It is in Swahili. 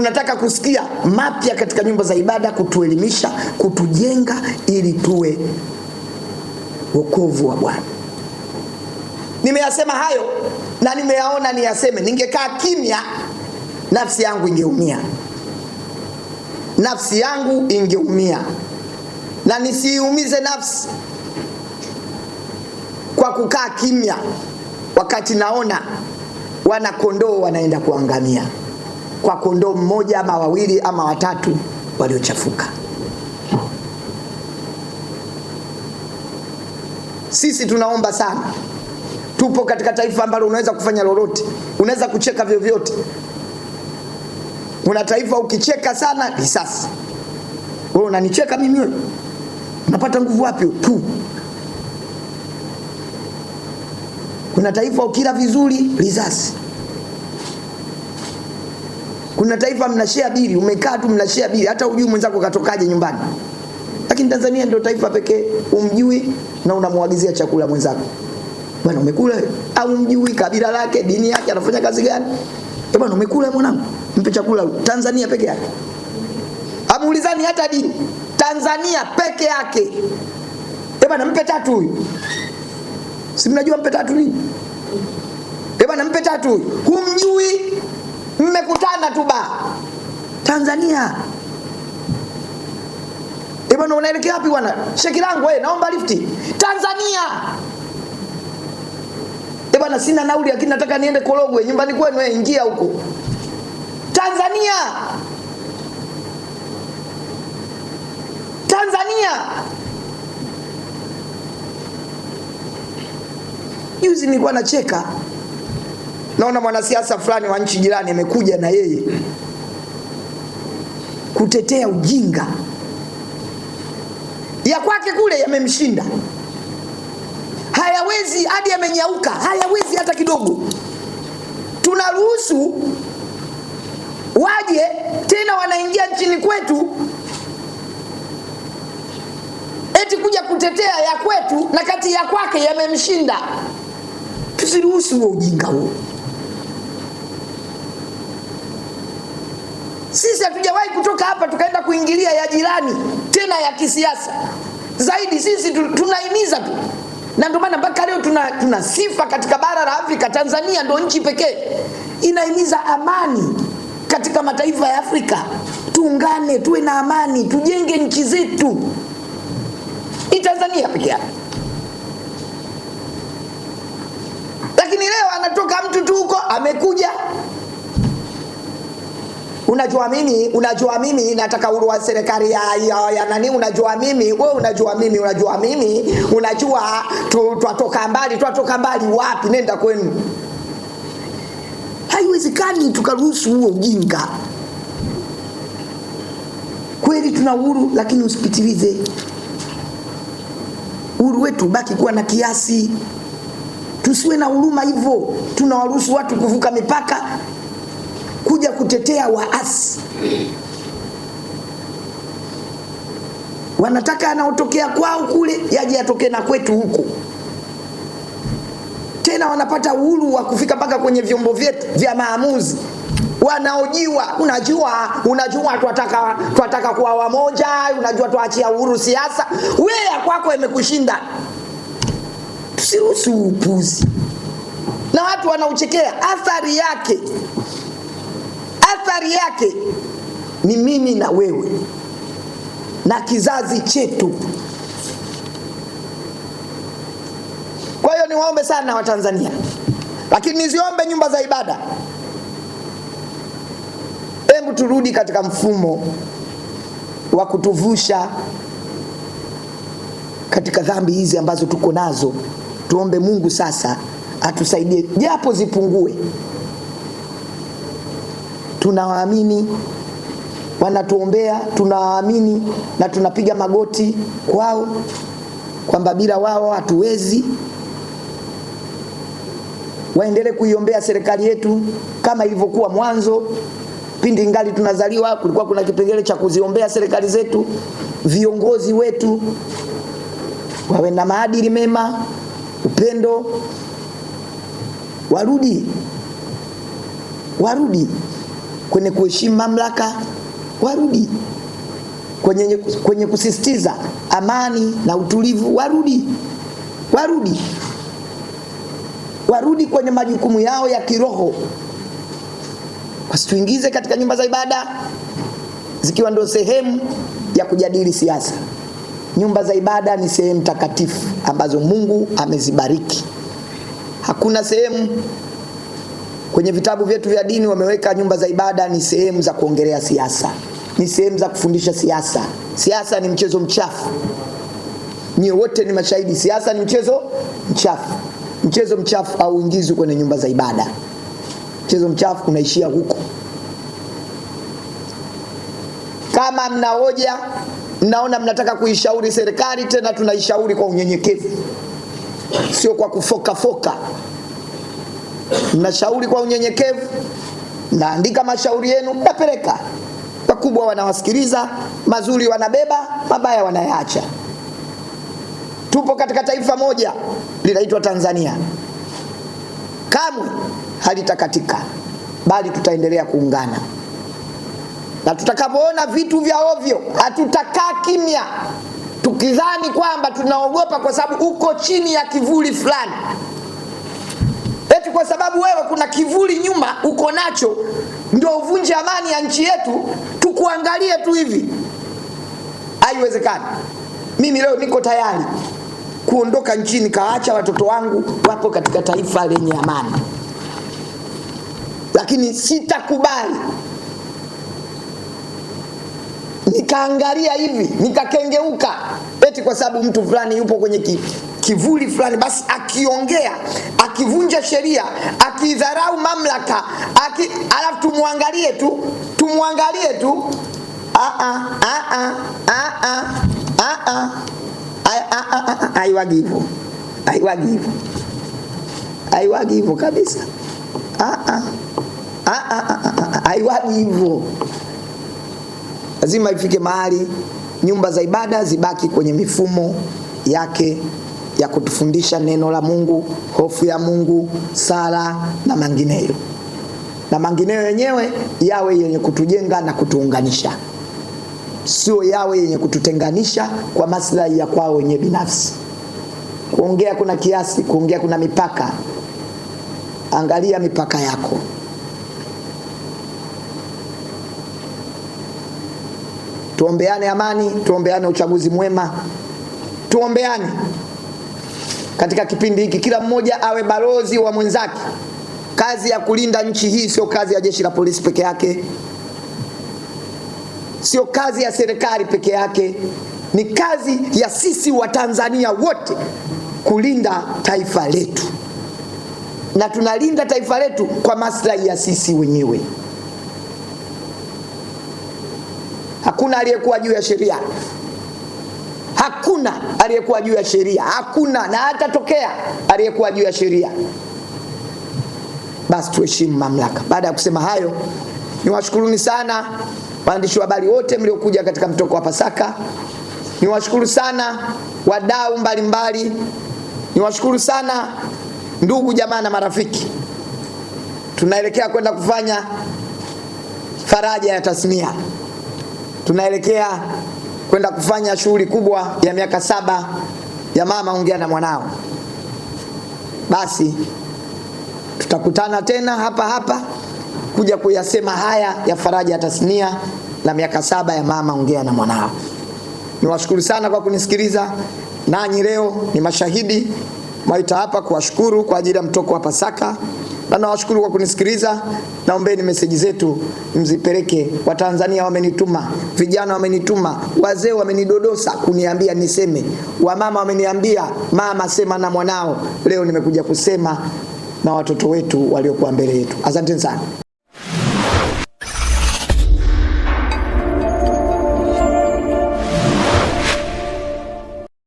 Tunataka kusikia mapya katika nyumba za ibada, kutuelimisha, kutujenga, ili tuwe wokovu wa Bwana. Nimeyasema hayo na nimeyaona niyaseme. Ningekaa kimya, nafsi yangu ingeumia, nafsi yangu ingeumia, na nisiiumize nafsi kwa kukaa kimya wakati naona wanakondoo wanaenda kuangamia kwa kondoo mmoja ama wawili ama watatu waliochafuka. Sisi tunaomba sana, tupo katika taifa ambalo unaweza kufanya lolote, unaweza kucheka vyovyote. Kuna taifa ukicheka sana risasi. Wewe unanicheka mimi, wewe unapata nguvu wapi? tu Kuna taifa ukila vizuri risasi. Kuna taifa mnashare bili, umekaa tu mnashare bili, hata ujui mwenzako katokaje nyumbani. Lakini Tanzania ndio taifa pekee umjui na unamwagizia chakula mwenzako. Bwana umekula au umjui kabila lake, dini yake, anafanya kazi gani? Eh, bwana umekula mwanangu? Mpe chakula Tanzania peke yake. Amuulizani hata dini. Tanzania peke yake. Eh, bwana mpe tatu huyu. Si mnajua mpe tatu nini? Eh, bwana mpe tatu huyu. Humjui mmekutana tu ba Tanzania e bwana, unaelekea wapi bwana? Sheki langu wewe, eh, naomba lifti. Tanzania e bwana, sina nauli lakini nataka niende Korogwe, nyumbani kwenu wewe, ingia huko Tanzania. Tanzania. Juzi nilikuwa nacheka Naona mwanasiasa fulani wa nchi jirani amekuja na yeye kutetea ujinga, ya kwake kule yamemshinda, hayawezi hadi yamenyauka, hayawezi hata kidogo. Tunaruhusu waje tena, wanaingia nchini kwetu eti kuja kutetea ya kwetu, na kati ya kwake yamemshinda. Tusiruhusu huo ujinga huo. Sisi hatujawahi kutoka hapa tukaenda kuingilia ya jirani tena ya kisiasa zaidi. Sisi tunahimiza tu, na ndio maana mpaka leo tuna, tuna sifa katika bara la Afrika. Tanzania ndio nchi pekee inahimiza amani katika mataifa ya Afrika. Tuungane, tuwe na amani, tujenge nchi zetu. Ni Tanzania pekee yake. Lakini leo anatoka mtu tu huko amekuja Unajua mimi, unajua mimi nataka uru wa serikali ya, ya, ya nani, unajua mimi, we unajua mimi, unajua mimi, unajua twatoka mbali, twatoka mbali wapi? Nenda kwenu. Haiwezekani tukaruhusu huo ujinga. Kweli tuna uhuru, lakini usipitilize uhuru wetu, baki kuwa na kiasi, tusiwe na huruma hivyo. Tunawaruhusu watu kuvuka mipaka kuja kutetea waasi, wanataka anaotokea kwao kule yaje yatokee na kwetu huku. Tena wanapata uhuru wa kufika mpaka kwenye vyombo vyetu vya maamuzi wanaojiwa unajua, unajua twataka twataka kuwa wamoja, unajua twaachia uhuru siasa. Wewe ya kwako imekushinda. Tusiruhusu upuzi, na watu wanauchekea athari yake athari yake ni mimi na wewe na kizazi chetu. Kwa hiyo niwaombe sana Watanzania, lakini niziombe nyumba za ibada, hebu turudi katika mfumo wa kutuvusha katika dhambi hizi ambazo tuko nazo. Tuombe Mungu sasa atusaidie japo zipungue tunawaamini, wanatuombea, tunawaamini na tunapiga magoti kwao, kwamba bila wao hatuwezi. Waendelee kuiombea serikali yetu kama ilivyokuwa mwanzo, pindi ngali tunazaliwa, kulikuwa kuna kipengele cha kuziombea serikali zetu, viongozi wetu wawe na maadili mema, upendo, warudi warudi kwenye kuheshimu mamlaka warudi kwenye, kwenye kusisitiza amani na utulivu warudi warudi warudi kwenye majukumu yao ya kiroho, wasituingize katika nyumba za ibada zikiwa ndio sehemu ya kujadili siasa. Nyumba za ibada ni sehemu takatifu ambazo Mungu amezibariki. Hakuna sehemu Kwenye vitabu vyetu vya dini wameweka nyumba za ibada ni sehemu za kuongelea siasa, ni sehemu za kufundisha siasa. Siasa ni mchezo mchafu, nyie wote ni mashahidi. Siasa ni mchezo mchafu. Mchezo mchafu hauingizwi kwenye nyumba za ibada. Mchezo mchafu unaishia huko. Kama mna hoja, mnaona mnataka kuishauri serikali, tena tunaishauri kwa unyenyekevu, sio kwa kufokafoka mnashauri kwa unyenyekevu, naandika mashauri yenu, napeleka wakubwa, wanawasikiliza, mazuri wanabeba, mabaya wanayaacha. Tupo katika taifa moja linaitwa Tanzania, kamwe halitakatika, bali tutaendelea kuungana na tutakapoona vitu vya ovyo hatutakaa kimya, tukidhani kwamba tunaogopa kwa sababu uko chini ya kivuli fulani kwa sababu wewe kuna kivuli nyuma uko nacho, ndio uvunje amani ya nchi yetu, tukuangalie tu hivi? Haiwezekani. Mimi leo niko tayari kuondoka nchini, kaacha watoto wangu wapo katika taifa lenye amani, lakini sitakubali nikaangalia hivi nikakengeuka eti kwa sababu mtu fulani yupo kwenye ki, kivuli fulani basi akiongea, akivunja sheria, akidharau mamlaka, aki, alafu tumwangalie tu, tumwangalie tu. Haiwagi hivyo, haiwagi kabisa, haiwagi Lazima ifike mahali nyumba za ibada zibaki kwenye mifumo yake ya kutufundisha neno la Mungu, hofu ya Mungu, sala na mengineyo, na mengineyo yenyewe yawe yenye kutujenga na kutuunganisha, sio yawe yenye kututenganisha kwa maslahi ya kwao wenye binafsi. Kuongea kuna kiasi, kuongea kuna mipaka. Angalia mipaka yako. Tuombeane amani, tuombeane uchaguzi mwema, tuombeane katika kipindi hiki, kila mmoja awe balozi wa mwenzake. Kazi ya kulinda nchi hii sio kazi ya jeshi la polisi peke yake, sio kazi ya serikali peke yake, ni kazi ya sisi Watanzania wote kulinda taifa letu, na tunalinda taifa letu kwa maslahi ya sisi wenyewe. Hakuna aliyekuwa juu ya sheria aliyekuwa juu ya sheria, hakuna na hatatokea aliyekuwa juu ya sheria. Basi tuheshimu mamlaka. Baada ya kusema hayo, niwashukuruni sana waandishi wa habari wote mliokuja katika mtoko wa Pasaka. Niwashukuru sana wadau mbalimbali, niwashukuru sana ndugu jamaa na marafiki. Tunaelekea kwenda kufanya faraja ya tasnia, tunaelekea kwenda kufanya shughuli kubwa ya miaka saba ya mama ongea na mwanao, basi tutakutana tena hapa hapa kuja kuyasema haya ya faraja ya tasnia la miaka saba ya mama ongea na mwanao. Niwashukuru sana kwa kunisikiliza, nanyi leo ni mashahidi maita hapa kuwashukuru kwa ajili ya mtoko wa Pasaka na nawashukuru kwa kunisikiliza. Naombeni meseji zetu mzipeleke. Watanzania wamenituma, vijana wamenituma, wazee wamenidodosa kuniambia niseme, wamama wameniambia mama sema na mwanao. Leo nimekuja kusema na watoto wetu waliokuwa mbele yetu. Asanteni sana.